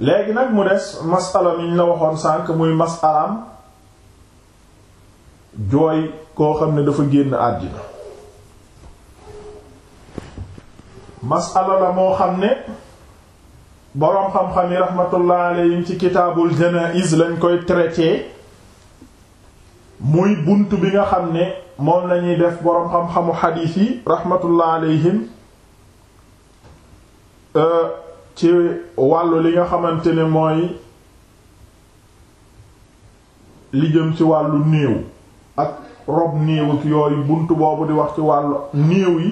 léegi nag mu des masala mi ñu la waxoon sànq muy masalaam jooy koo xam ne dafa génn àddina masala la moo xam ne boroom xam-xam yi rahmatullah alayhim ci kitaabul janaiz lañ koy traité muy bunt bi nga xam ne moom lañuy def boroom xam-xamu xadiis yi rahmatullah alayhim euh ci wàllu li nga xamante ne mooy li jëm ci wàllu néew ak rob néew ak yooyu bunt boobu di wax ci wàllu néew yi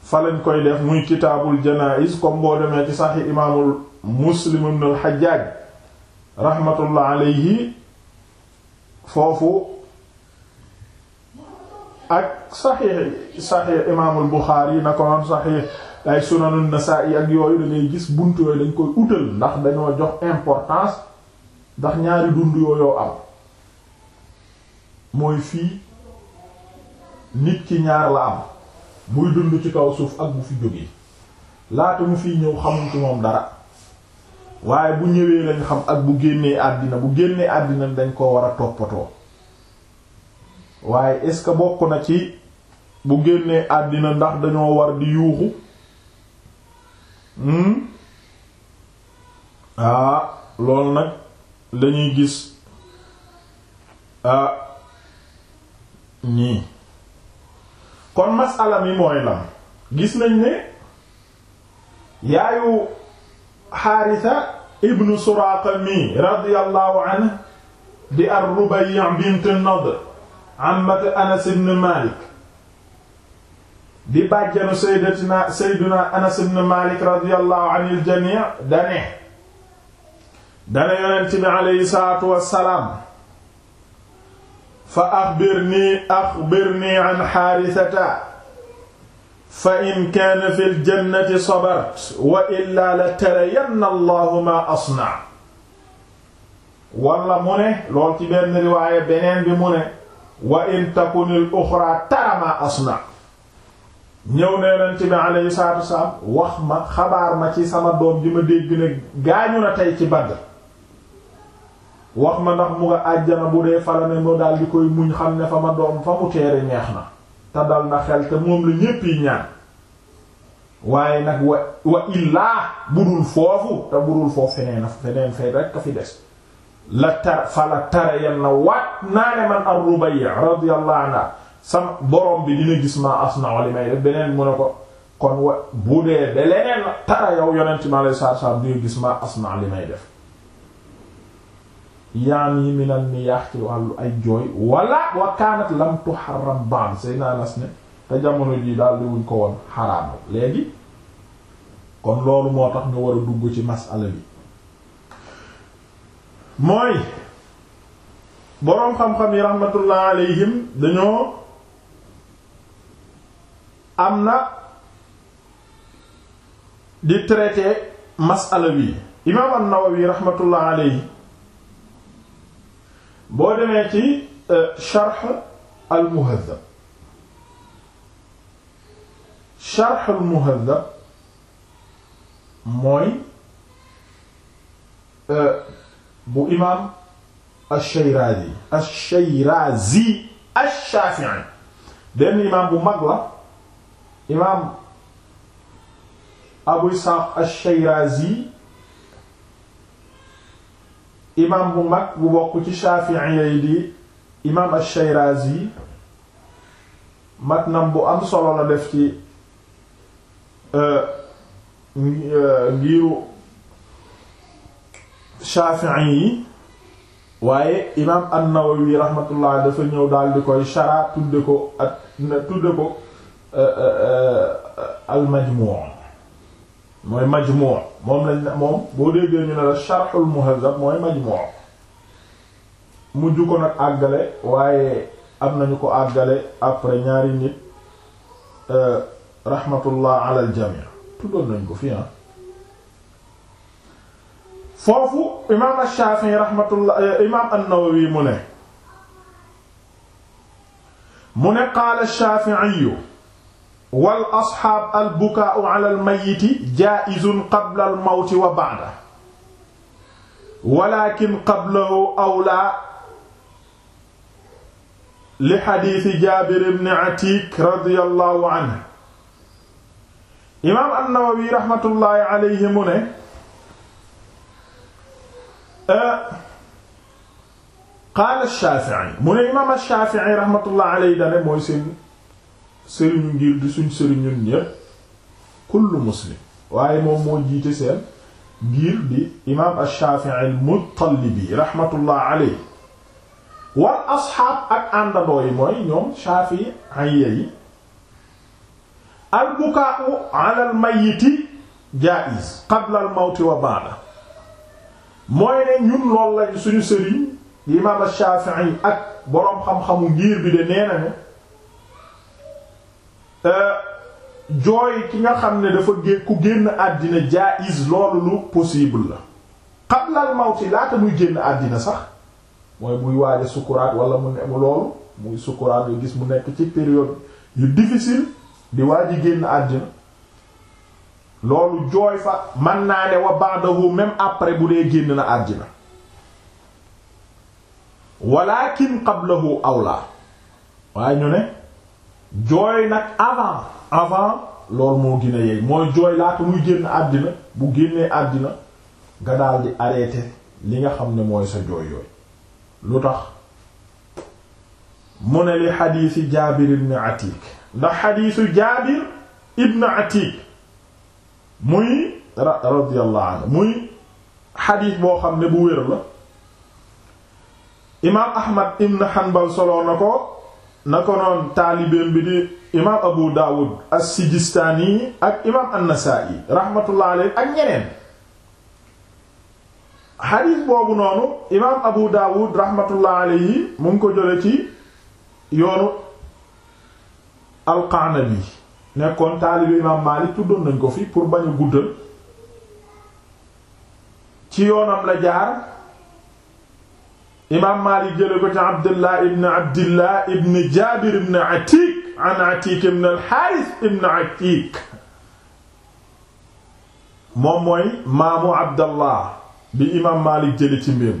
fa lañ koy def muy kitaabul janaïs comme boo demee ci saxi imaamul muslim ibn al alayhi foofu ak saxix saxix imaamul buxaari na ko noon saxix ay sunanun nasa'i ak yooyu da gis bunt yooyu dañ koy utal ndax dañoo jox importance ndax ñaari dund yooyu am mooy fii nit ki ñaar la am muy dund ci kaw suuf ak bu fi jógee laata mu fiy ñëw xamuñ ci moom dara waaye bu ñëwee lañ xam ak bu génnee àddina bu génnee àddina dañ koo war a toppatoo waaye est-ce que bokk na ci bu génnee àddina ndax dañoo war di yuuxu Hmm? ah loolu nag lañuy gis ah ñii kon masala mi mooy lam gis nañ ne yaayu xaarisa ibnu suraqa mi radiyallahu anhu di ar-Rubayyi bint an-Nadr ammat Anas ibn Malik di bàjjanu sayyidatina sayyiduna Anas ibn Malik radiyallahu anil jami' dane dane yonent bi alayhi salaatu wassalaam fa axbirnii axbirnii an xaarisata fa in kaana fil jannati sabart wa illaa la tarayanna Allahu maa asnaa wala mu ne lool ci benn riwaaya beneen bi mu ne wa in takunil uxraa tara maa asnaa ñëw ne yonent bi alayhi salaatu wax ma xabaar ma ci sama doom ji ma dégg ne gaañu na tey ci Badr wax ma ndax mu nga àjjana bu dee fala ne moo daal di koy muñ xam ne fa ma doom fa mu teere neex na te dal na xel te moom la ñépp yi ñaan waaye nag wa wa illaa budul foofu te budul foofu feneen a feneen fee rek ka fi des la tar fala tare yan na naa ne man ar-Rubayyi radiyallahu anha sama borom bi dina gis ma asnaa li may def beneen mu ne ko kon bu dee de tara yow yonent mi alei satu salaam dina gis ma asnaa li may def yaani minal miyaax ci wàllu ay jooy wala wa kaanat lam tuharram ban say naa ne te jamono ji daal di wuñ ko woon xaraamal léegi kon loolu moo tax nga war a dugg ci masala bi mooy boroom xam-xam yi rahmatullah alayhim dañoo am na di traité masala bi imaam an-Nawawi rahmatullah alayhi boo demee ci euh, sharh al-Muhazzab sharh al-Muhazzab mooy euh, bu imaam ash-Shirazi ash-Shirazi ash-Shafi'i benn imaam bu mag la imaam abu isxaaq ash-shayrazi imaam bu mag bu bokk ci shafi'iyya yi di imaam ash-shayrazi matnam bu am solo na def ci euh, euh, ngiru shafi'i yi waaye imaam an-nawawi rahmatullah dafa ñëw daal di koy shara tudde ko ak tudde ko Euh, euh, euh, al majmu' mooy majmu' moom lañ moom boo déggee ñu ne la sharhul muhazzab mooy majmu' mujj ko nag àggale waaye am nañu ko àggale après ñaari nit rahmatullah ala al jami' tuddoon nañ ko fii ah foofu imaam ash-Shafi'i rahmatullah imaam an-Nawawi mu ne mu ne qaala ash-Shafi'i wal asxaab al bukaau ala al mayiti jaa'izun qabla al mawti wa ba'da walakin qablahu awlaa li xadiisi jaabir ibn atiik radiyallahu anhu imaam an-Nawawi raxmatullaahi alayhi mu ne qaala ash-Shaafi'i mu ne imaam ash-Shaafi'i raxmatullaahi alayhi dane mooy seen sëriñu ngir di suñ sëriñ ñun ñépp kullu muslim waaye moom moo jiite seen ngir di imaam al-Muttalibi ak àndandoo yi mooy ñoom Shafi'i yi al-bukaa'u 'ala al-mayyiti jaa'iz qabla al-mawti wa ba'da mooy ne ñun lool lañ suñu sëriñ di imaam ash-Shafi'i ak boroom xam-xamu ngir bi de nee nañu jooy ki nga xam ne dafa gé ku génn àddina jaiz loolu lu possible la xablal mawti laata muy génn àddina sax mooy muy waaja sukuraat wala mu ne loolu muy sukuraat yu gis mu nekk ci période yu difficile di waaji génn àddina loolu jooy fa man naa ne wa ba'dahu même après bu dee génn na àddina walakin qablahu awla waaye ñu ne jooy nag avant avant loolu moo gën a mooy jooy laata muy génn àddina bu génnee àddina nga daal di li nga xam ne mooy sa jooy yooyu lu tax mu ne li xadiisi jaabir ibn atik ndax xadiisu jaabir ibn atik muy radiyallahu anhu muy xadiis boo xam ne bu wér la imaam ahmad ibn hanbal soloon na ko na ko noon taalibeem bi di imaam abu daawud as-sijistaani ak imaam an-nasaa'i rahmatullah ak ñeneen xadiis boobu noonu imaam abu daawud rahmatullah alayhi mu ngi ko jële ci yoonu al-qanabi nekkoon taalibe imaam maalik tuddoon nañ ko fi pour bañ guddal ci yoonam la jaar imaam Maalik jële ko ci Abdullah ibn Abdillah ibn Jaabir ibn Atiik an Atiik ibn al-Haaris ibn moom mooy maamu Abdallah bi imaam Maalik jële ci mbir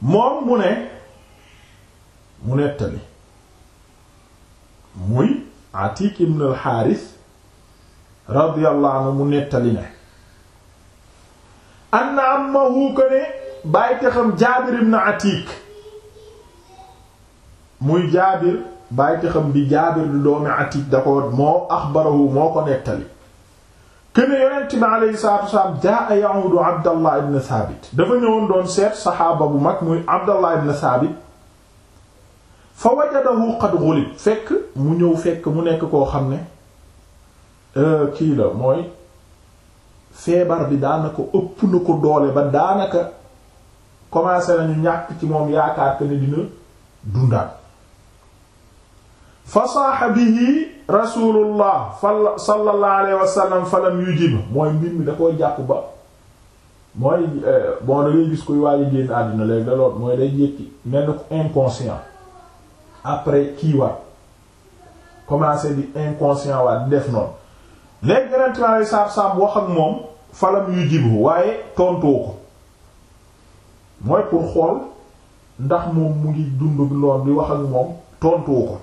moom mu ne mu nettali muy Atiik ibn al-Haaris mu nettali ne anna ammahu ko ne bàyyi te xam jaabir ibn muy jaabir bàyyi te bi jaabir du doomi atik da ko moo axbarahu moo ko nettali kene yonent bi aleyhi salatu wasalaam jaa yahudu abdallah ibn thabit dafa ñëwoon doon seet saxaaba bu mag muy abdallah ibn thabit fa wajadahu qad ghulib fekk mu ñëw fekk mu nekk koo xam ne euh, kii la mooy feebar bi daanaka ëpp na ko doole ba daanaka commencé nañu ñàkk ci moom yaakaar que ne dina dundaat fa saaxa bihi rasulullah fa sallallahu alayhi wa sallam falam yujib mooy mbir mi da koo jàpp ba mooy euh, bon da ngay gis kuy waaye génn àddina léegi da lool mooy day jékki mel na ko inconscient après kii waat commencé di inconscient waat di def noonu léegi geneen tmare saab-saab wax ak moom falam yujibu waaye tontoo ko mooy pour xool ndax moom mu ngi dund lool di wax moom tontuwu ko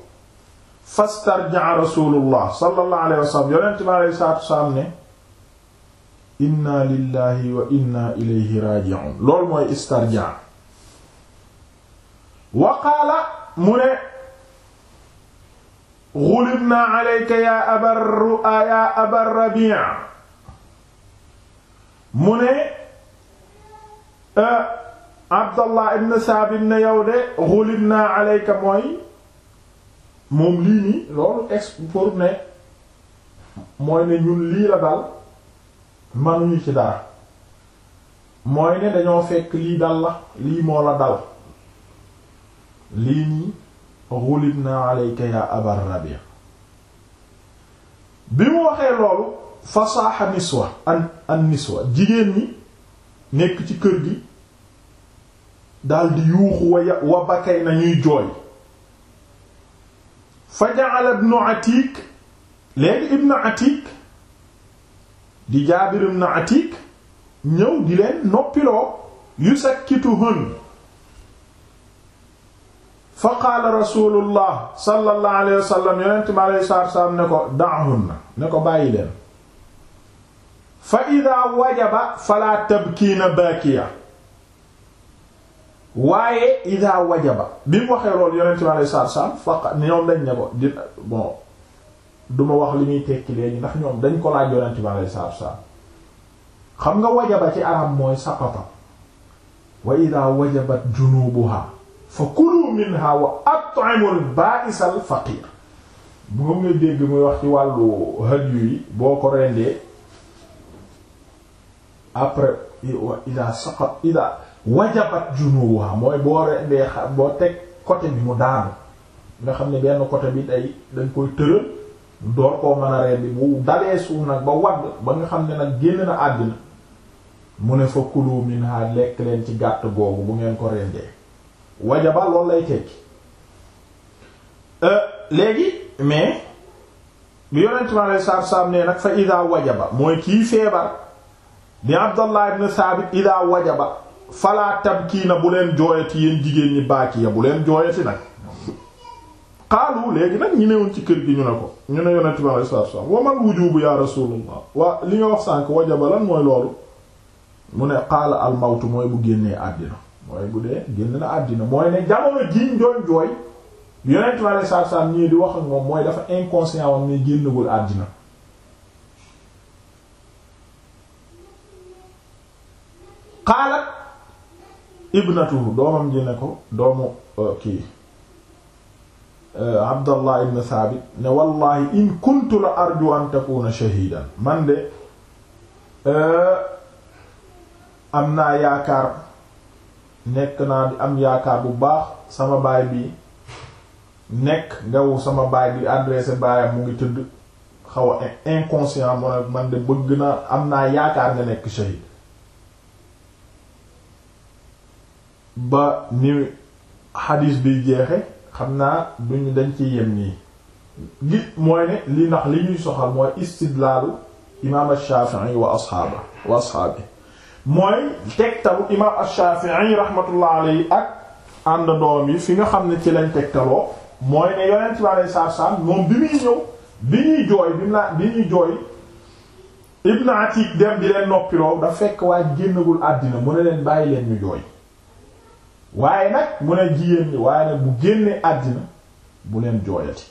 fastarjaa rasulullah sallallahu alayhi wa sallam yonent bi alayhi salaatu salaam ne inna lillahi wa inna ilayhi raji'un loolu mooy istarjaa wa qaala mu ne gulibna alayka ya abar ya abar rabi' mu ne eh, abdallah ibn saabit ne yow de xulibnaa aleyka mooy moom lii nii loolu ex ne mooy ne ñun lii la dal manuñu ci dara mooy ne dañoo fekk lii dal la lii moo la dal lii nii xulibnaa aleyka yaa abar rabi bi mu waxee loolu fasaaxa niswa an niswa jigéen ñi nekk ci kër gi daldi yuuxu wa wa bakay na ñuy jooy fa ja'ala ibnu Atik léegi ibnu Atik di Jaabir ibnu Atik ñëw di leen noppiloo yusakkituhun fa qaala rasulullah sallallahu alayhi wa sallam yonent ne ko da'hunna ne ko bàyyi leen fa idaa wajaba falaa tabkiina baakiya waaye ida wajaba bi mu waxee loolu yonent bi alayhi salaatu salaam faqa ñoom dañ ne ko di bon du ma wax li muy tekki léegi ndax ñoom dañ ko laaj yonent bi alayhi salaatu xam nga wajaba ci arab mooy saqata wa ida wajabat junubuha fa kulu minha wa at'imul ba'isal faqir moom nga dégg muy wax ci wàllu hadyu yi boo ko rendee après ida saqat ida wajabat junuha mooy boo rendee boo teg côté bi mu daanu nga xam ne benn côté bi day dañ koy tëral door koo mën a rendi bu dalee suuf nag ba wadd ba nga xam ne nag génn na àddina mu ne fa kulu minha lekk leen ci gàtt googu bu ngeen ko rendee wajaba loolu lay tekki euh, léegi mais bi yonent mi alei saatu salaam ne nag fa ida wajaba mooy kii feebar bi Abdallah ibn Saabit ida wajaba falaa tabkii na bu leen jooyati yéen jigéen ñi baaki ya bu leen jooyati nag xaalu léegi nag ñu newoon ci kër gi ñu ne ko ñu ne yonent bi alayhi salaatu wassalaam wamal wujubu ya rasulullah waa li nga wax sànk wajaba lan mooy loolu mu ne xaala al mawtu mooy bu génnee àddina mooy bu dee génn na àddina mooy ne jamono jiñ doon jooy yonent bi alayhi salaatu wassalaam ñii di wax ak moom mooy dafa inconscient woon ne génnagul àddina ibnatuhu doomam ji ko doomu uh, kii uh, abdallah ibn thabit ne wallahi in kuntu la arju an takuna man de uh, am naa yaakaar nekk naa di am yaakaar bu baax sama baay bi nekk ngawu sama baay bi adressé baayam mu ngi tëdd xaw a inconscient mu ne man de bëgg naa am naa yaakaar nga nekk shahid ba ni xadiis bi jeexe xam naa duñu dañ ci yem nii gi mooy ne li ndax li ñuy soxal mooy istidlaalu imaam ash-Shafi'i wa asxaaba wa asxaabi mooy tegtalu imaam ash-Shafi'i rahmatullah ak ànd doom yi fi nga xam ne ci lañ tegtaloo mooy ne yonent bi alayhi salaatu salaam moom bi muy ñëw bi ñuy jooy bi naa bi ñuy jooy Ibn Atik dem di leen noppiloo da fekk waaye génnagul àddina mu ne leen bàyyi leen ñu jooy waaye nag mu ne jigéen ñi waaye nag bu génnee àddina bu leen jooyati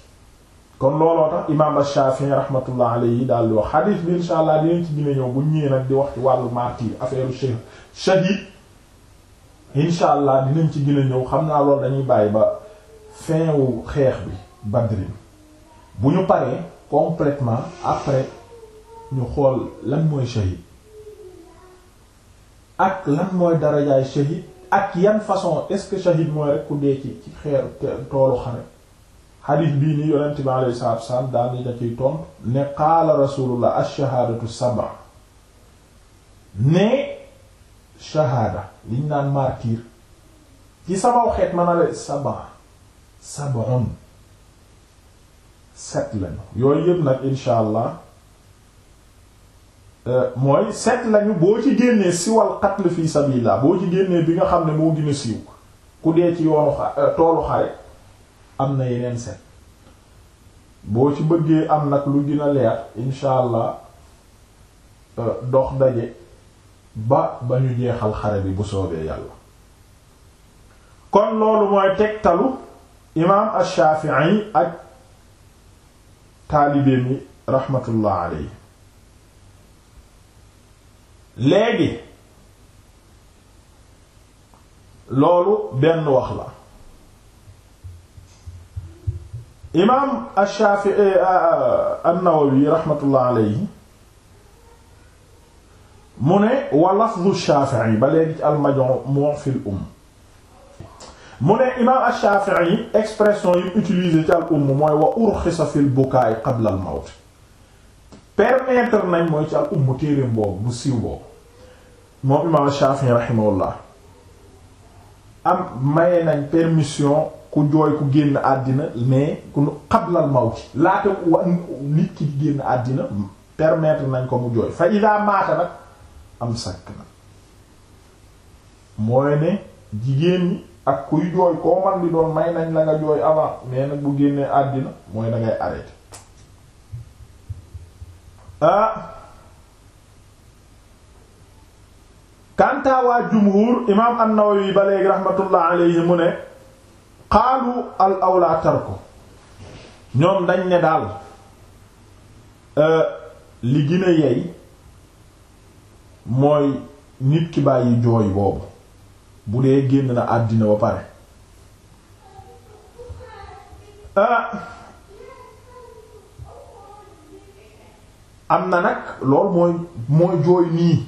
kon looloo tax imaam Shaafi'i rahmatullah yi daal di wax xadiis bi insha allah dinañ ci gën a ñëw bu ñëwee nag di wax ci wàllu martyr affaire shahid shahid insha allah dinañ ci gën a ñëw xam naa lool dañuy bàyyi ba fin wu xeex bi Badrin bu ñu paree complètement après ñu xool lan mooy shahid ak lan mooy darajaay shahid ak yan façon est-ce que shahid mooy rek ku dee ci ci xeeru toolu xare xadiis bii nii yonent bi alayhi salaatu wasalaam daal di da ciy tontu ne qaala rasulullah ash-shahaadatu sab'a ne shahaada liñ naan martyr ci sama xeet ma a la sab'a sab'un set lañu yooyu yëpp nag insha allah Euh, mooy set lañu boo ci génnee siwal qatl fi sabilillah boo ci génnee bi nga xam ne moo gën a siiw ku dee ci yoonu xa euh, toolu xare am na yeneen set boo ci bëggee am nag lu gën a leer incha euh, dox daje ba ba ñu jeexal xare bi bu soobee yàlla kon loolu mooy tegtalu imaam al shafii ak taalibeem yi raxmatullah alayhi léegi loolu benn wax la imaam Ash-Shafi'i eh, eh, eh, an-Nawawi rahmatullah alayhi mu ne wa lafdu Shafi'i ba léegi ci al-Majmu' fi al-Umm mu ne imaam Ash-Shafi'i expression yi utilisé ci al-Umm mooy wa urxisa fi al-bukaa qabla al-mawt permettre nañ mooy ci al ummu téereem boobu bu siiw boobu moom imaam Shafi'i rahimahullah am maye nañ permission ku jooy ku génn àddina mais ku xablal mawti laata wa nit ki génn àddina permettre nañ ko mu jooy fa maata nag am sakk na mooy ne jigéen ñi ak kuy jooy koo man di doon may nañ la nga jooy avant mais nag bu génnee àddina mooy da ngay ah kanta waa jumhur imaam an ba léegi rahmatullah alayhi mu ne xaalu al awla tarku ñoom dañ ne daal eh, li gën a yey mooy nit ki bàyyi jooy boobu bu dee génn la àddina ba pare ah. am na nag lool mooy mooy jooy nii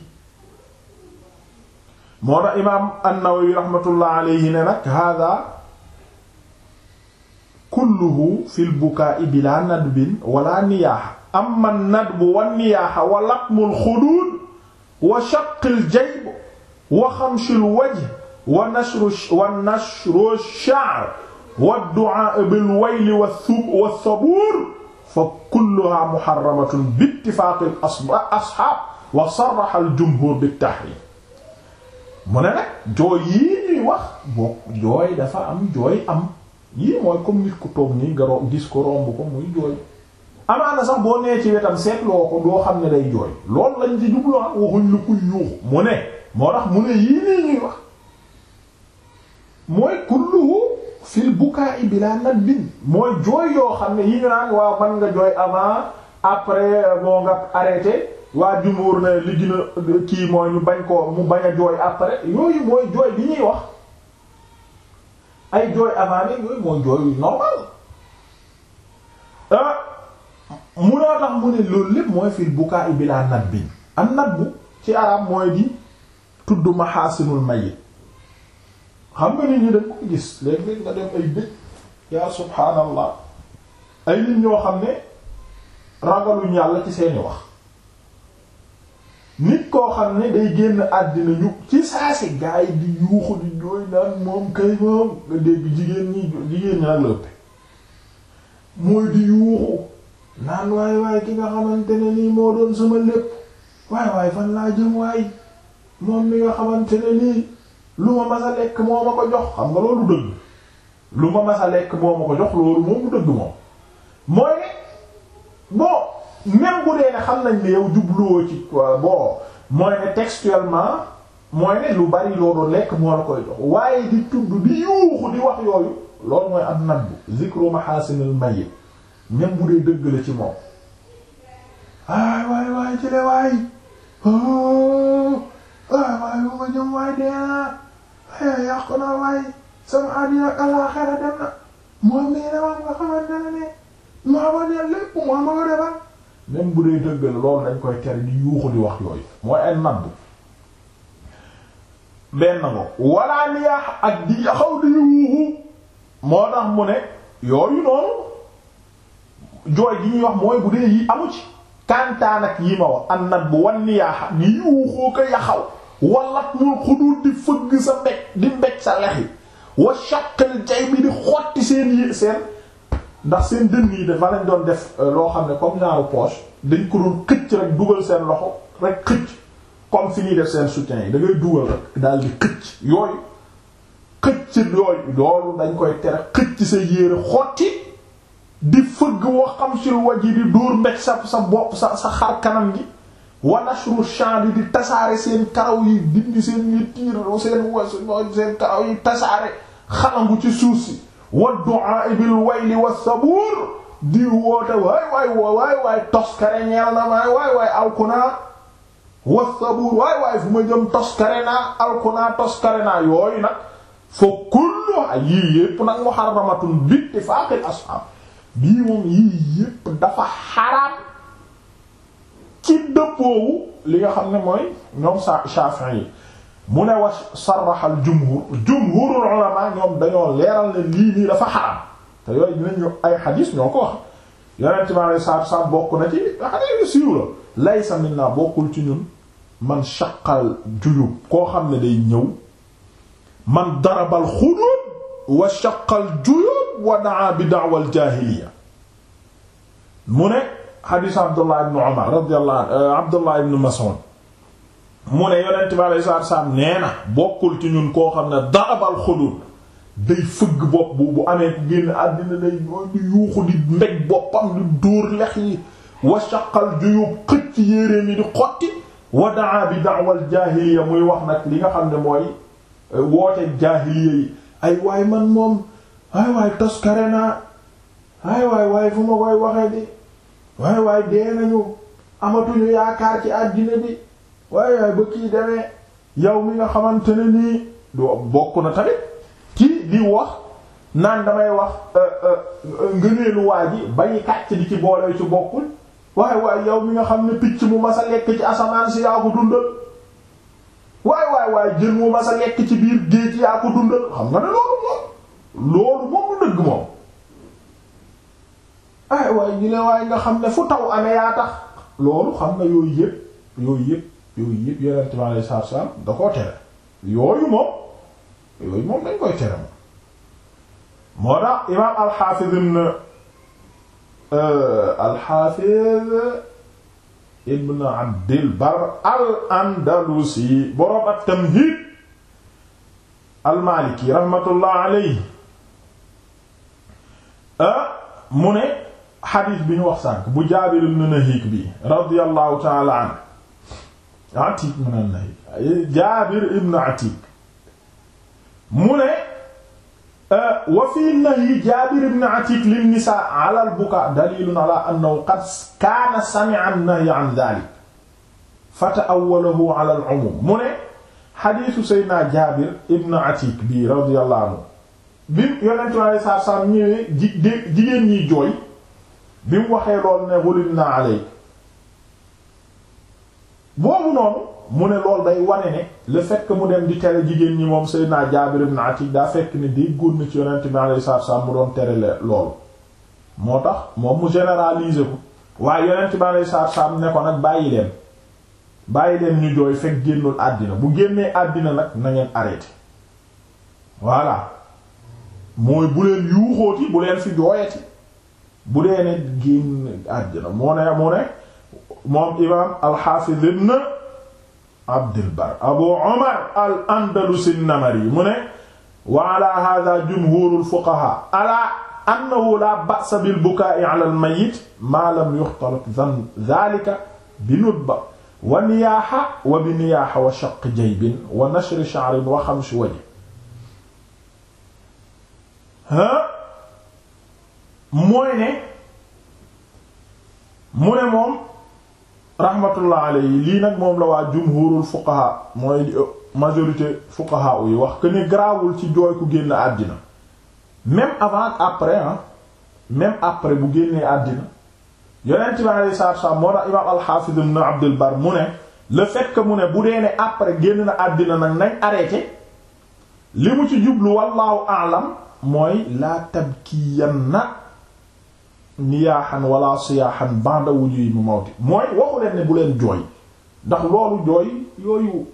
moo tax imaam an-Nawawi rahmatullah alayhi ne nag hada kulluhu fil bukaa bila nadbin wala niyaaxa amma an-nadbu wan niyaaxa wa latmul xuduud wa shaqqil jayb wa xamshil wajh wa nashru wa nashru sha'r wa du'aa bil wayl wa thubuur fa kulluha muharramatun bi ittifaaqi asxaab wa sarraha al jumhur bi tahrim mu ne nag jooy yii ñuy wax boo jooy dafa am jooy am yii mooy comme nit ku toog nii nga gis ko romb ko muy jooy amaana sax boo nee ci wetam seetloo ko doo xam ne day jooy loolu lañ ci jublu ah, waxuñ lu kuy yuuxu mu ne moo tax mu ne yii nii ñuy wax mooy kulluhu fil bukaa bila nadbin mooy jooy yoo xam ne yi ñu naan waaw man nga jooy avant après euh, moo nga arrêté waa jumóor na li gën a euh, kii mooy ñu bañ ko mu bañ a jooy après yooyu mooy jooy bi ñuy wax ay jooy avant ni yooyu mooy jooy normal ah mu mu ne loolu lépp mooy fil bukaa bila nadbin an nadbu ci arab mooy di tudd mahasinul mayyit xam nga nit ñi dañ ko gis léeg nga dem ay dëj yaa subhaanallah ay nit ñoo xam ne ragaluñ yàlla ci seeni wax nit koo xam ne day génn àddina ñu ci saasi gaay di yuuxu di jooy naan moom kay moom nga dégg jigéen ñi jigéen ñaa lëppe mooy di yuuxu naan waay waay ki nga xamante ne nii moo doon sama lépp waay waay fan laa jëm waay moom mi nga xamante ne nii lu ma mas a lekk moo ma ko jox xam nga loolu dëgg lu ma mas a lekk moo ma ko jox loolu moom dëgg moom mooy ne bon même bu dee ne xam nañ ne yow jubluwoo ci bon mooy ne textuellement mooy ne lu bari loo lekk moo la koy jox waaye di tudd di yuuxu di wax yooyu loolu mooy am nabbu zikru mahasinil mayyit même bu dee dëgg la ci moom waay waay waay ci de waay oh, waay waay bu ma jëm dee waaye eh, yàqu naa waaye sama àddina ak àllaaxira dem na moom mii ne maam nga xamante ne nii maa ma ne lépp maa ma ko defal même dañ koy tere di di wax yooyu mooy ay nabbu benn ngo walla ni yaax ak di xaw di yuuxu moo tax mu ne yooyu noonu jooy gi ñuy wax mooy bu dee yi amu ci kantaan ak yi ma wax an nabbu wan ni yaax di ko yaxaw wala mul xuduut di fëgg sa mbéj di mbéj sa lexi wa shaqal jay bi di xotti seen yi seen ndax seen dënn yi dafa lañ doon def euh, loo xam ne comme ñaaru poche dañ ko doon xëcc rek dugal seen loxo rek xëcc comme fi ñuy def seen soutien yi da ngay dugal rek daal di xëcc yooyu xëcc yooyu loolu dañ koy tere xëcc sa yére xotti di fëgg wa xam sil waj yi di dóor mbéj sa sa bopp sa sa xar kanam gi wa nashru sha'ri di tasaare seen karaw yi dindi seen yi tiir seen was seen karaw yi tasaare xalangu ci suuf si wa du'a bil wayli wa sabuur di woote waay waay waay waay toskare ñeel na maay waay waay alkunaa wa sabuur waay waay fu ma jëm toskare naa alkunaa toskare naa yooyu nag foo kullu yii yépp nag muharramatun bittifaaqil ashaab bii moom yii yépp dafa xaraam ci dëppoowu li nga xam ne mooy ñoom sa Shafi'i yi mu ne wax sarraxal jumhur jumhurul ulama ñoom dañoo leeral ne lii nii dafa xaram te yooyu dinañ ñu ay xadiis ñoo ko wax yonent bi alei bokk na ci xadiis yu siiw la laysa minna bokkul ci ñun man shaqal juyub koo xam ne day ñëw man darabal xudud wa shaqal juyub wa daa bi da'wal jaahiliya mu ne xadiisu Abdullah ibn Umar radiyallahu euh, Abdullah ibn Mas'ud mu ne yonent bi alayhi salaatu salaam nee na bokkul ci ñun koo xam ne darabal xudud day fëgg bopp bu bu amee ku génn àddina day di yuuxu di mbéj boppam di dóor lex yi wa shaqal juyub xëcc yéreem yi di xotti wa daa bi da'wal jaahiliya muy wax nag li nga xam ne mooy euh, woote jaahiliya yi ay waay man moom ay waay toskare naa ay waay waay fu ma koy waxee di waaye waaye dee nañu amatuñu yaakaar ci àddina bi waaye waaye ba kii demee yow mi nga xamante ne nii du bokk na tamit kii di wax naan damay wax euh, euh, ngëneelu waa ji bañu kàcc di ci boole ci bokkul waaye waaye yow mi nga xam ne picc mu mas a lekk ci asamaan si yaa ko dundal waaye waaye waaye jën mu mas lekk ci biir géej yaa ko dundal xam nga ne loolu moom loolu moom lu dëgg moom ay ah, waaye ñu waaye nga xam ne fu taw amee yaa tax loolu xam nga yooyu yëpp yooyu yëpp yooyu yëpp yonent bi alayhi salaatu salaam da koo tere yooyu moom yooyu moom dañ koy tere moom moo tax imaam alxaafiz ibn euh, alxaafiz ibn abdil bar al andalusi boroom ah, mu ne xadiis bi ñu wax sànk bu Jaabir ibn Nahik bi radiyallahu ta'ala an Atiik min an-Nahik Jaabir ibn Atiik mu ne euh, wa fii nahyi Jaabir ibn Atiik lin nisaa ala al-bukaa daliilun ala annahu qad kaana sami'a an-nahya an dhaalika fata'awwalahu ala al-'umuum mu ne xadiisu Seydina Jaabir ibn Atiik bi radiyallahu anhu bi Yonent bi sallallahu alayhi wa sallam ñëwee jigéen ñi jooy bi mu waxee lool ne xulim naa alay boobu noonu mu ne lool day wane ne le fekk mu dem di tere jigéen ñi moom Seydina Jaabir ibn Atiq daa fekk ne day góor na ci yonent bi alayhi salaam mu doon tere loolu moo tax moom mu généraliser ko waaye yonent bi alayhi salaam ne ko nag bàyyi leen bàyyi leen ñu jooy fekk génnul àddina bu génnee àddina nag na ngeen arrêté voilà mooy bu leen yuuxooti bu leen fi jooyati bu dee ne génn àddina moo ne mu ne moom imaam alxaafiz ibn abdul bar abu omar al andalusi namari mu ne wa ala hada jumhurul fuqaha ala annahu la ba'sa bil bukaa'i ala al mayyit ma lam yuxtalat dhalika bi nutba wa niyaaha wa bi niyaaha wa shaqq jaybin wa nashri sha'rin wa khamshi wajh ha mooy ne mu ne moom rahmatullah alayhi lii nag moom la waa jumhurul fuqaha mooy euh, majorité fuqaha yi wax que ne garaawul ci jooy ku génn àddina même avant après ah même après bu génnee àddina yonent bi alayhi salaatu wasallam moo tax imaam al-Hafiz mu ne le mu ne bu dee ne génn na àddina nag nañ arrêté li mu ci jublu wallahu a'lam mooy laa tabkiyanna niyaaxan wala siyaaxan ba'da wujuy mu mawti mooy waxu leen ne bu leen jooy ndax loolu jooy yooyu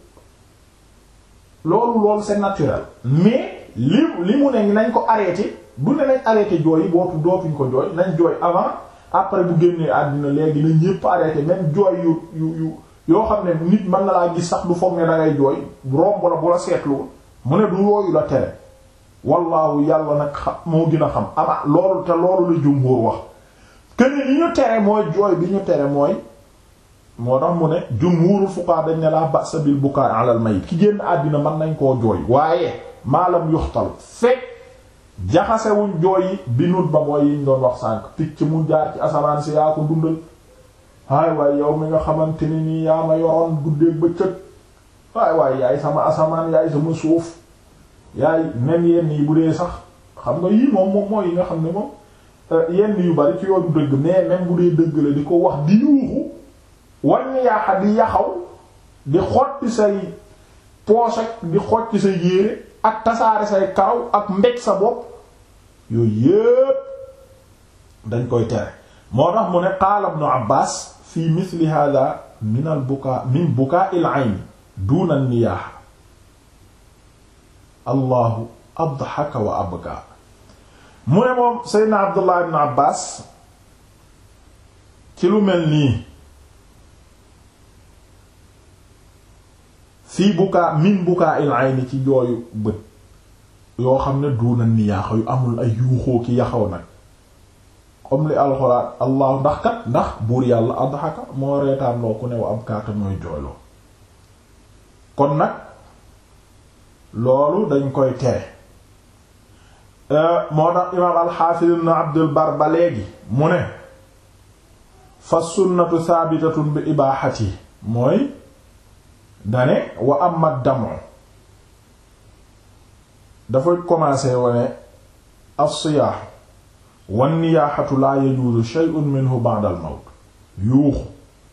loolu loolu c'est naturel mais li li mu ne nañ ko arrêté du ne nañ arrêté jooy boobu dootuñ ko jooy nañ jooy avant après bu génnee àddina léegi na ñépp arrêté même jooy yu yu yoo xam ne nit man na laa gis sax du foog ne da ngay jooy romb la bu la seetlu mu ne du yooyu la tere wallaahu yàlla nag xam moo gën a xam ama loolu te loolu la jumhur wax këni li ñu tere mooy jooy bi ñu tere mooy moo tax mu ne jumhurul fuqaha dañ ne laa ba'sa bil bukaa ala al mayit ki génn àddina mën nañ koo jooy waaye maalam yuxtal fekk jaxasewuñ jooy yi bi nut ba mooy yiñ doon wax sànk picc mu jaar ci asamaan si yaa ko dundal haay waaye yow mi nga xamante ni nii yaa ma yoroon guddeeg bëccëg waaye waaye yaay sama asamaan yaay sama suuf yaay même yenn yi bu dee sax xam nga yii moom moom mooy yi nga xam ne moom Euh, yenn yu bari ci yoonu dëgg mais même bu dee dëgg la di ko wax di yuuxu wàññi yaaxa di yaxaw di xotti say poche ak di xotti say yéere ak tasaare say karaw ak mbéj sa bopp yooyu yépp dañ koy tere moo tax mu ne qaala ibnu abbas fi mithli hada min al bukaa min bukaa il ayni duna niyaaha allahu adhaka wa abka mu ne moom seydna abdullah ibn abbas ci lu mel nii fii bukaa min bukaa il ayni ci jooyu bët yoo xam ne duuna niyaaxa yu amul ay yuuxoo ki yaxaw nag comme li alxuraan allah ndax kat ndax buur yàlla adhaka moo reetaan loo ku ne wa am kaata mooy jooyloo kon nag loolu dañ koy tere Euh, moo tax imaam alxaafid ibn abdul bar ba léegi mu ne fa sunnatu saabitatun bi ibaaxati mooy dane wa amma damu dafay commencé wane as-siyaah wan niyaaxatu laa yajuuzu shay'un minhu ba'da al-mawt yuuxu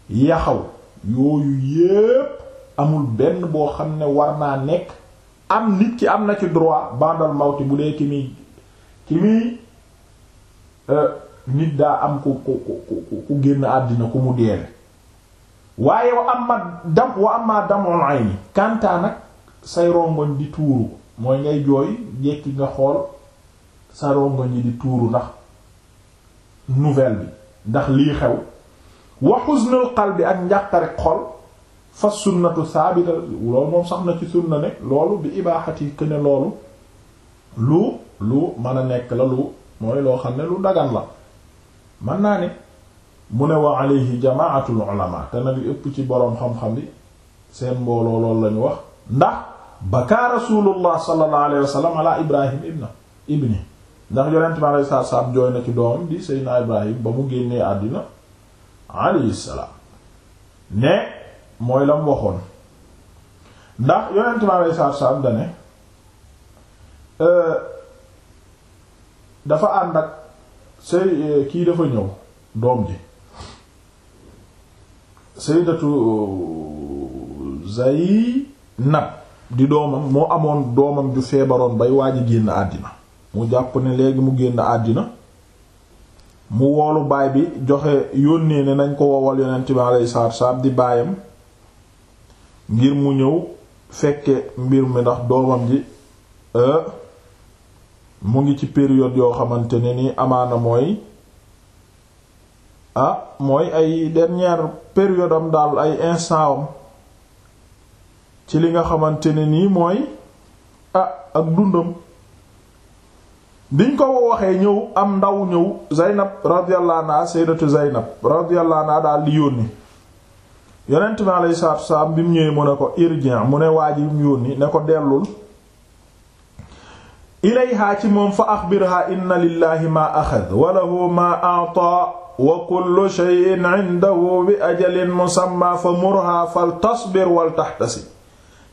yaxaw yooyu yépp amul benn boo xam ne war naa nekk am nit ki am na ci droit ba'da al bu dee ki muy ci muy euh, nit daa am ku ku ku ku génn àddina ku mu deele waaye wa am ma dam wa am ma damul ayni kantaa nag say rongoñ di tuuru mooy ngay jooy jekki nga xool sa rongoñ yi di tuuru ndax nouvelle bi ndax lii xew wa xuznul qalbi ak njàqare xol fa sunnatu saabita loolu moom sax na ci sunna ne loolu bi ibaaxati këne loolu lu lu mën a nekk la lu mooy loo xam ne lu dagan la man naa ne mu ne wa alayhi jamaatul ulama te nag li ëpp ci boroom xam-xam bi seen mbooloo loolu lañu wax ndax baka rasulullah sallallahu alayhi wa sallam ala ibrahim ibna ibni ndax yonent bi alayhi salaatu salaam jooy na ci doomam di seydina ibrahim ba mu génnee àddina alayhi salaam ne mooy la mu waxoon ndax yonent bi alayhi salaatu salaam dane Euh, dafa ànd ak say euh, kii dafa ñëw doom ji datu sayyidatu Zaynab di doomam moo amoon doomam ju feebaroon bay waa génn àddina mu jàpp ne léegi mu génn àddina mu woolu baay bi joxe yónnee ne nañ ko wowal yonent bi alayhi salaatu salaam di baayam ngir mu ñëw fekke mbir mi ndax doomam ji euh, mu ngi ci période yoo xamante ne nii amaana mooy ah mooy ay dernière période am daal ay instant am ci li nga xamante ne nii mooy ah ak dundam biñ ko waxee ñëw am ndaw ñëw Zaynab radiyallahu anha sayyidatu Zaynab radiyallahu anha daal di yónni yonent mi alayhi salaatu wa salaam bi mu ñëwee mu ne ko irji' mu ne waa ji mu yónni ne ko dellul ilayha ci moom fa axbirha inna lillahi ma axad wa lahu ma a'ta wa kullu shay'in 'indahu bi ajalin musamma fa murha fal tasbir wal tahtasi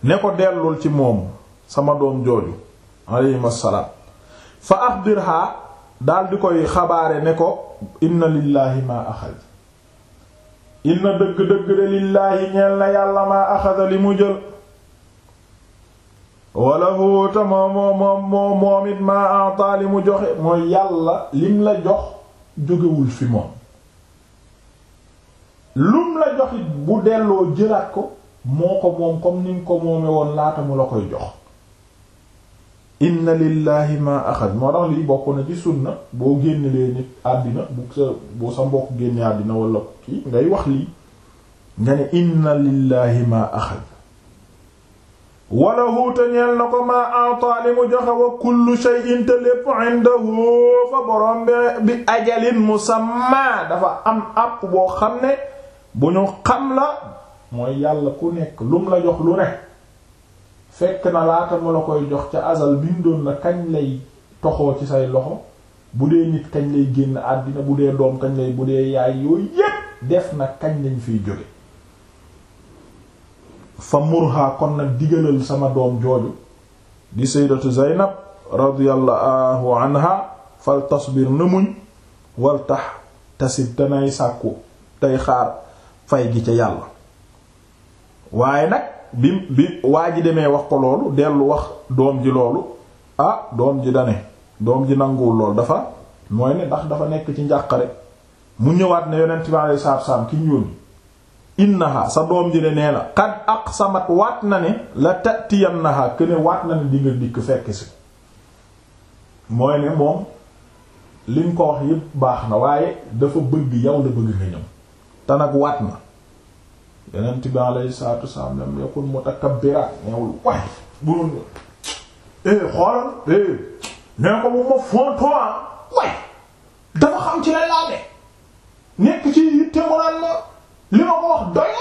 ne ko dellul ci moom sama doom jooju alayhi salaam fa axbirha daal koy xabaare ne ko inna lillahi ma axad inna dëgg-dëgg de lillaahi ñeel na yàlla ma axada li mu jël wala huuta moom moom moom it maa a'ta li mu joxe mooy yàlla lim la jox jógewul fi moom lum la jox it bu delloo jëlaat ko moo ko moom comme ni ko moome woon laata mu la koy jox inna lillahi ma axad moo tax lii bokk na ci sunna boo génne lee nit àddina bu sa bu sa mbokk génne àddina wala kii ngay wax lii nga ne inna lillahi ma axad wala huuta ñeel na ko ma a'ta li mu joxe wa kullu shay'in te lépp indahu fa borom bi ajalin musamma dafa am àpp boo xam ne bu ñu xam la mooy yàlla ku nekk lum la jox lu ne fekk na laata mu la koy jox ca azal bindoon na kañ lay toxoo ci say loxo bu dee nit kañ lay génn àddina bu dee doom kañ lay bu dee yaay yooyu yépp def na kañ lañ fiy jóge fa murha kon nag digalal sama doom jooju di sayyidatu Zaynab radiyallahu anha fal tasbir na muñ wal tax tasib danay sàkku tey xaar fay gi ca yàlla waaye nag bi bi waa ji demee wax ko loolu dellu wax doom ji loolu a ah doom ji dane doom ji nanguwul lool dafa mooy ne ndax dafa nekk ci njàqare mu ñëwaat ne yonent bi alayhi salaam ki ñu yónni innaha sa doom ji ne nee na qad aqsamat waat na ne la tatiyannaha que ne waat na ne di nga dikk fekk si mooy ne moom li ko wax yépp baax na waaye dafa bëgg yow la bëgg nga ñëw te waat na yeneen bi alayhi salaatu wasalaam lam a mutakabbira neewul waay bunoon eh, xoolal eh, nee ko bu ma fontoa ah, waay dama xam ci lay laale nekk ci yitte mo naan ma li ma ko wax doy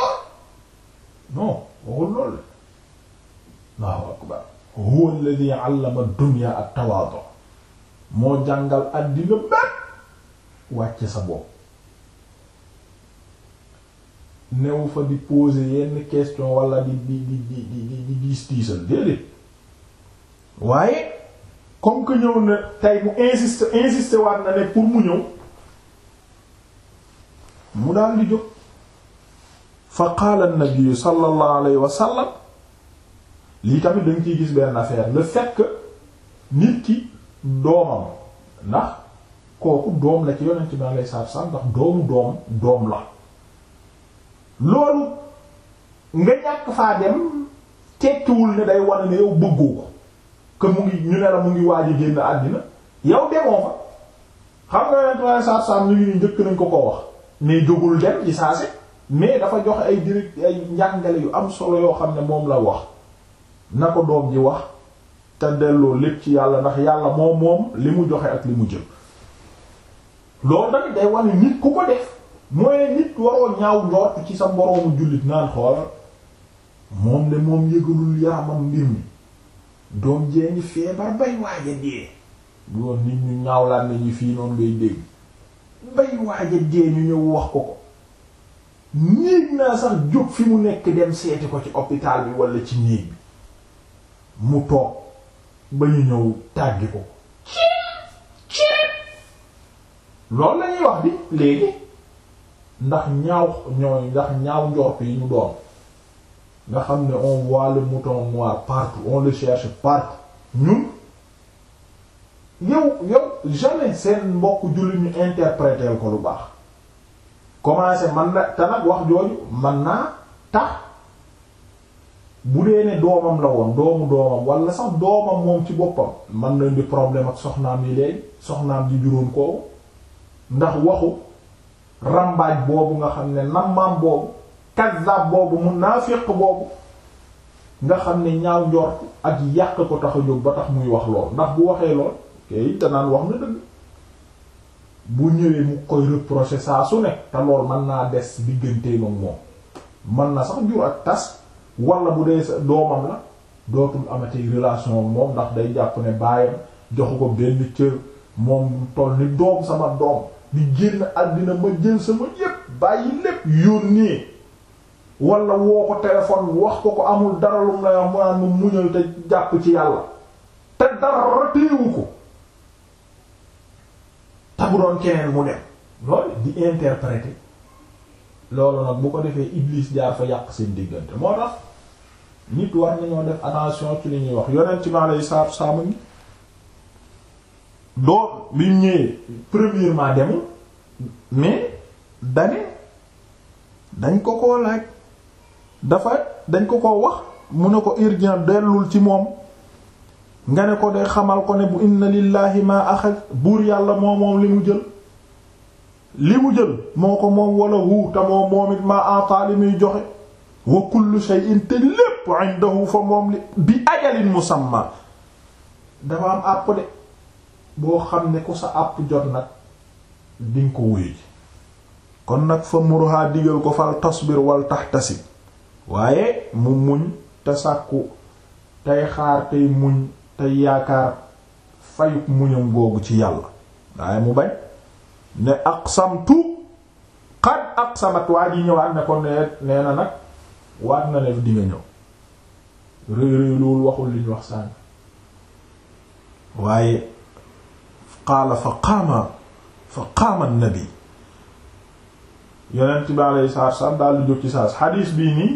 non waxul loolu Allahu akbar huwa 'allama ad-dunya at moo jàngal àddina bépp wàcce sa bopp new fa di poser yenn question wala di di di di di di diis diisal déedéet waaye comme que ñëw na tey mu insiste insiste waat na ne pour mu ñëw mu daal di jóg fa qaala an-nabi sallallahu alayhi wa sallam lii tamit dañ ciy gis benn affaire le fait que nit ki doomam ndax kooku doom la ci yonent bi alayhi salaatu salaam ndax doomu doom doom la loolu nga ñàkk faa dem tekkiwul ne day wane ne yow bëggoo ko que mu ngi ñu ne la mu ngi waaj a génn àddina yow demoo fa xam nga yonent bi alayhi salaatu ñu ngi njëkk nañ ko ko wax ne jógul dem ci saase. mais dafa jox ay direct ay njàngale yu am solo yoo xam ne moom la wax na ko doom ji wax te delloo lépp ci yàlla ndax yàlla moom moom li mu joxe ak li mu jël loolu tamit day wane nit ku ko def mooy nit waroo ñaaw njort ci sa mboroomu jullit naan xoolal moom de moom yëgalul yaramam mbir mi doom jee ngi feebar bay waaja dee bu nit ñu ñaawlaan nañu fii noonu ngay dégg bay waaja dee ñu ñëw wax ko ko néeg naa sax jóg fi mu nekk dem seeti ko ci hôpital bi walla ci néeg bi mu toog ba ñu ñëw tàggi ko loolu lañuy wax bi léegi ndax ñaaw ñooy ndax ñaaw njort yi ñu doon nga xam ne on voit le mouton partout on le partout ñun yow yow jamais seen mbokk jullit ñu interpréter ko lu baax commencé man na te nag wax jooju man naa tax bu dee ne doomam la woon doomu doomam wala sax doomam moom ci boppam man nañ di problème ak soxnaam yi léegi soxnaam juróom koowu ndax waxu rambaaj boobu nga xam ne nammaam boobu kazzab boobu mun naa féq boobu nga xam ne ñaaw njort ak yàq ko tax a jóg ba tax muy wax lool ndax bu waxee lool kay danaan wax na dëgg bu ñëwee mu koy reprocher saa su ne te lool mën naa des digganteem ak moom mën na sax jur ak tas wala bu dee sa doomam la dootul amati relation moom ndax day jàpp ne baayam joxu ko benn cër moom toll doom sama doom di génn àddina ma jël sama yépp bàyyi lépp yónnee wala woo ko téléphone wax ko ko amul dara lu mu lay wax mu naan mu te jàpp ci yàlla te dara téewu ko sax bu doon keneen mu dem loolu di interpréter loolu nag bu ko defee Iblis jaar fa yàq seen diggante moo tax nit war nañoo def attention ci li ñuy wax yonent ci maa lay saatu saamu ngi doon bi ñëwee premièrement demul mais dane dañ ko ko laaj dafa dañ ko ko wax mu ne ko urgent dellul ci moom nga ne ko de xamal ko ne bu inna lillahi ma axad buur yàlla moo moom li mu jël li mu jël moo ko moom wala hu te moom it ma ataali muy joxe wa kullu shay'in te lépp indahu fa moom li bi ajalin musamma dafa am àpp de boo xam ne ku sa àpp jot nag dinga ko wuyu ji kon nag fa murhaa digal ko fal tasbir wal tahtasib waaye mu muñ te sàkku tey xaar tey muñ tey yaakaar fayuk muñam googu ci yàlla waaye mu bañ ne aqsamtu qad aqsamat waa ji ñëwaat ne ko nee nee na nag waat na ne di nga ñëw rëy rëy loolu waxul li wax sànni waaye qaala fa qaama fa qaama an-nabi yonent bi alayhi daal di jóg ci saas xadiis bii nii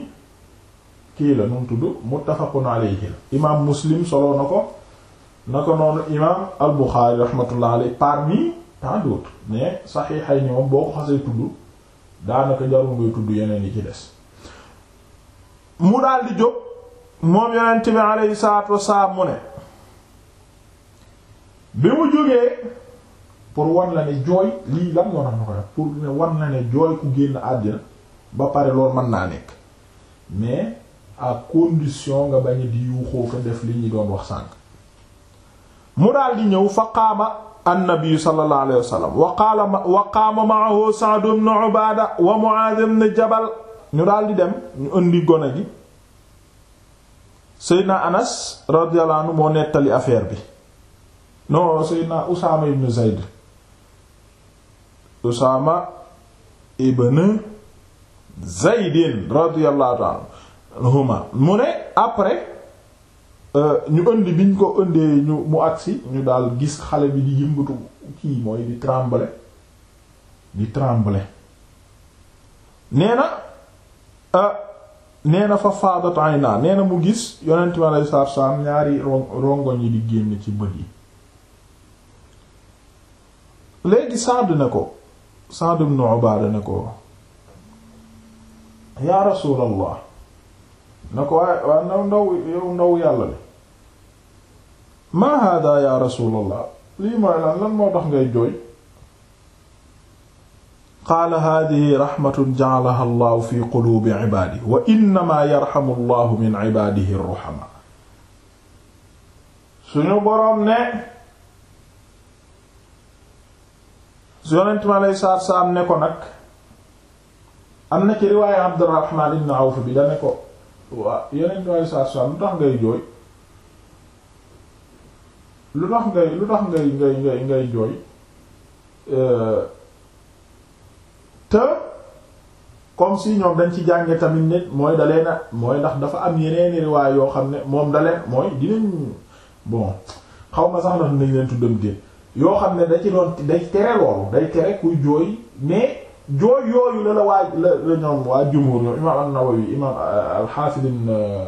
kii la nu mu tudd muttafaqun alayhi la imaam muslim solo na ko na ko noonu imaam al buxaari rahmatullah alayhi parmi tant mais saxiixay ni boo ko xasee tudd daanaka jarul ngay tudd yeneen yi ci des. mu daal di jóg moom yonent bi alayhi salaatu wasalaam mu ne bi mu jógee pour wan la ne jooy lii lan moo tax na ko def pour ne wan la ne jooy ku génn àddina ba pare loolu mën naa nekk mais. à condition nga bañ di yuuxoo ko def li ñu doon wax sànk mu daal di ñëw fa qaama annabi sallallahu alayhi wa sallam wa qaala wa Ubaada wa Mu'aaz ibn Jabal ñu daal dem ñu indi gone gi Seydina Anas radiyallahu moo nettali affaire bi non Seydina Usaama ibn Zayd Usaama ibn Zaydin radiyallahu anhu huma mu ne après euh, ñu indi biñ ko indee ñu mu agsi ñu daal gis xale bi di yëngatu kii mooy di trembler di trembler nee na euh, nee na fa faadat ayna nee na mu gis yonent mi aleyhi salaatu salaam ñaari rongoñ yi di génn ci bët yi léegi Saad ne ko Saad ibn Ubaada ne ko yaa rasuulallah na ko waaye waaw ndaw ndaw yow ndaw yàlla li maa hàddaa yaa rasuulallah lii mooy lan lan moo tax ngay jooy qaala hàdhihi raxmatun ja'alaha fi quluubi ibaadihi wa innamaa yarxamu min ibaadihi ar-ruhamaa suñu boroom ne yonent ma lay saar saam ne ko nag am na ci riwaaye Abdurraxmaan ibn Awf bi ne ko waa yeneen ñooy saa lu tax ngay jooy lu tax ngay lu tax ngay ngay ngay ngay jooy euh, te comme si ñoom dañ ci jànge tamit nit mooy dalee na mooy ndax dafa am yeneen riwaay yoo xam ne moom dalee mooy dinañ bon xaw ma sax ndax nañ leen tuddam génn yoo xam ne dañ ci doon day tere loolu day tere kuy jooy mais. jooy yooyu la la waa la ñoom waa jumhur ñoom imaam an-Nawawi imaam euh, al euh,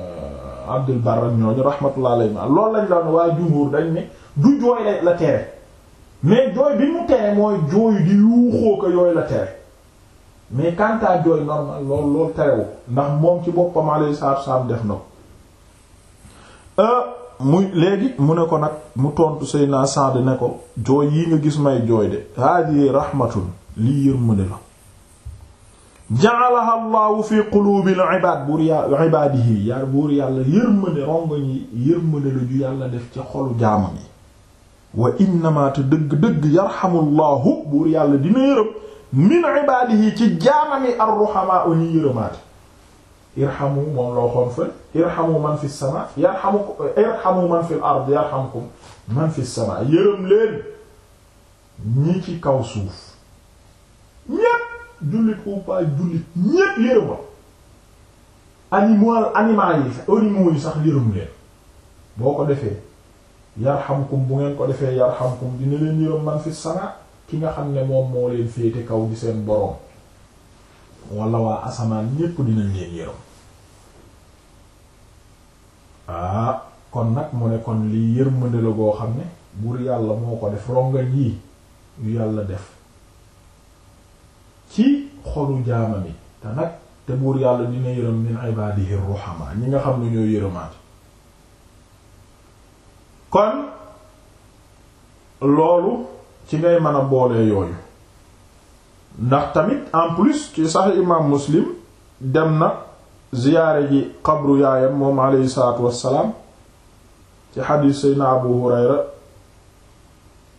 Abdul Barr ñooñu rahmatullah alayhi loolu lañ doon waa jumhur dañ ne du jooy la tere mais jooy bi mu tere mooy jooy di yuuxoo ko yooyu la tere mais quant jooy normal loolu loolu terewu ndax moom ci boppam alayhi salaatu salaam def na ko euh, muy léegi mu ne ko nag mu tontu Seydina Saad ne ko jooy yi nga gis may jooy de hadi rahmatun lii yërmande la ja'alaha Allahu buur yàlla yërmande rongoñ def ci xolu jaamam yi wa innamaa te dëgg-dëgg yarhamullahu buur yàlla dina yërëm min ibaadihi ci jaamam yi ar-ruhamaa u ñuy moom la waxoon fa man fi samaa yarhamu man fi ard yarhamkum man fi samaa yërëm leen ñi ci kaw suuf jullit ou pas jullit ñépp yërëm ko animal animal yi animaux yi sax yërëm leen boo ko defee yarhamkum bu ngeen ko defee yarhamkum dina leen yërëm man fi sana ki nga xam ne moom moo leen féete kaw di seen boroom wala waa asamaan ñépp dinañ leen yërëm ah kon nag mu ne kon lii yërmande la goo xam ne buur yàlla moo ko def rongal yii yu yàlla def ci xolu jaamam yi te nag te buur yàlla dina yërëm min ibadihi ruhama ñi nga xam ne ñoo yërëmaat kon loolu ci ngay mën a boolee yooyu ndax tamit en plus ci sax imam muslim dem na ziyaare ji xabru yaayam moom alayhi salaatu wassalaam ci xadiis sayna abu hurayra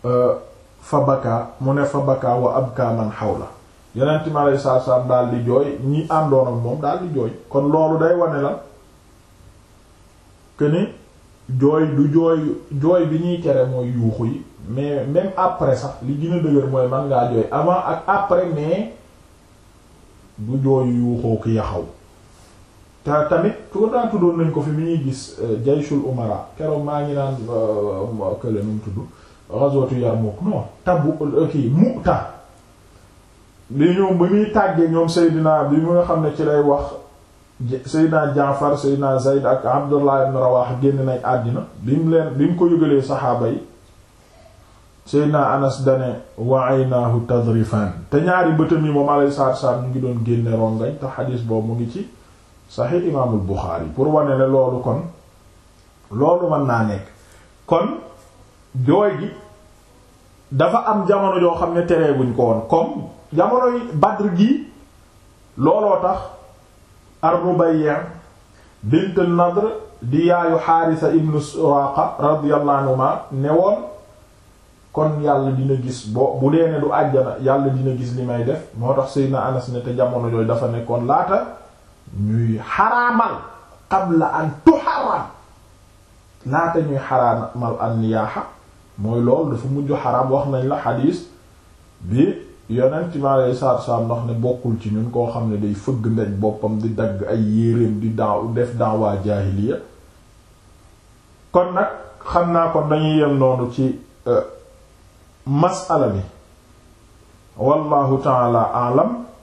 euh, fa baka mu ne fa baka wa abka man xawla yeneen time alay saab saab daal di jooy ñi àndoon moom daal di jooy kon loolu day wane la que ni jooy du jooy jooy bi ñuy tere mooy yuuxu yi mais même après sax li gën a dëgër mooy man ngaa jooy avant ak après mais du jooy yuuxoo ki yaxaw te tamit pourtant tuddoon nañ ko fi mi ñuy gis euh, jayshul umara keroog maa ngi euh, euh, mu tudd bi ñoom ba muy tàggee ñoom Seydina bi mu nga xam ne ci lay wax Seydina Jaafar Seydina Zayd ak Abdullah ibn Rawah génn nañ àddina bi mu leen bi mu ko yëgalee saxaaba yi Seydina Anas dane wa aynaahu tadrifan te ñaari bëtam yi moom alayhi salaatu salaam mu ngi doon génne rongañ te xadiis boobu mu ngi ci Sahih Imaamul Buxaari pour wane la loolu kon loolu mën naa nekk kon jooy gi dafa am jamono joo xam ne teree buñ ko woon comme jamonoy Badr gi looloo tax Ar-Rubayya bint an-Nadr di yaayu Xaarisa ibnu Suraaqa radiyallahu anhuma ne woon kon yàlla dina gis boo bu dee ne du àjjana yàlla dina gis li may def moo tax Seydina Anas ne te jamono jooju dafa nekkoon laata ñuy xaraamal qabla an tuharram laata ñuy xaraamal an niyaaxa mooy loolu dafa mujj xaraam wax nañ la xadiis bi yonent bi alayhi salaatu wassalaam ndax ne bokkul ci ñun koo xam ne day fëgg ndej boppam di dagg ay yéreem di daaw def daawaa jaahiliya kon nag xam naa ko dañuy yem noonu ci euh, masala mi wallahu taala alam